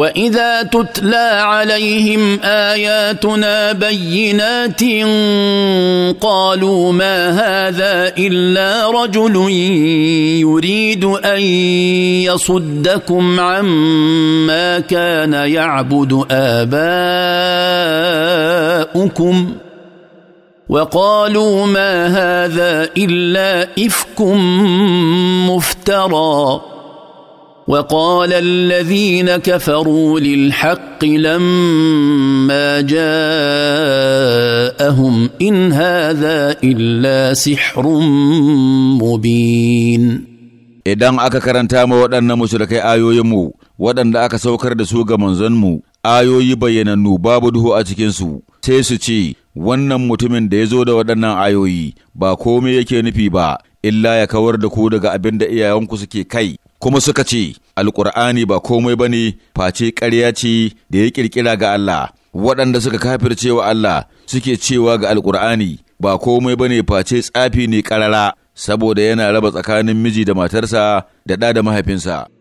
واذا تتلى عليهم اياتنا بينات قالوا ما هذا الا رجل يريد ان يصدكم عما كان يعبد اباؤكم وقالوا ما هذا الا افك مفترى وقال الذين كفروا للحق لما جاءهم ان هذا الا سحر مبين idan aka karanta ma waɗannan mushrikai ayoyinmu waɗanda aka saukar da su ga manzonmu ayoyi bayyanannu babu duhu a cikinsu sai su ce wannan mutumin da ya zo da waɗannan ayoyi ba komai yake nufi ba illa ya kawar da ku daga abin da iyayenku suke kai kuma suka ce, Alƙur'ani ba komai ba ne face ƙarya ce da ya ƙirƙira ga Allah, waɗanda suka wa Allah suke cewa ga Alƙur'ani ba komai ba ne face tsafi ne ƙarara, saboda yana raba tsakanin miji da matarsa da ɗa da mahaifinsa.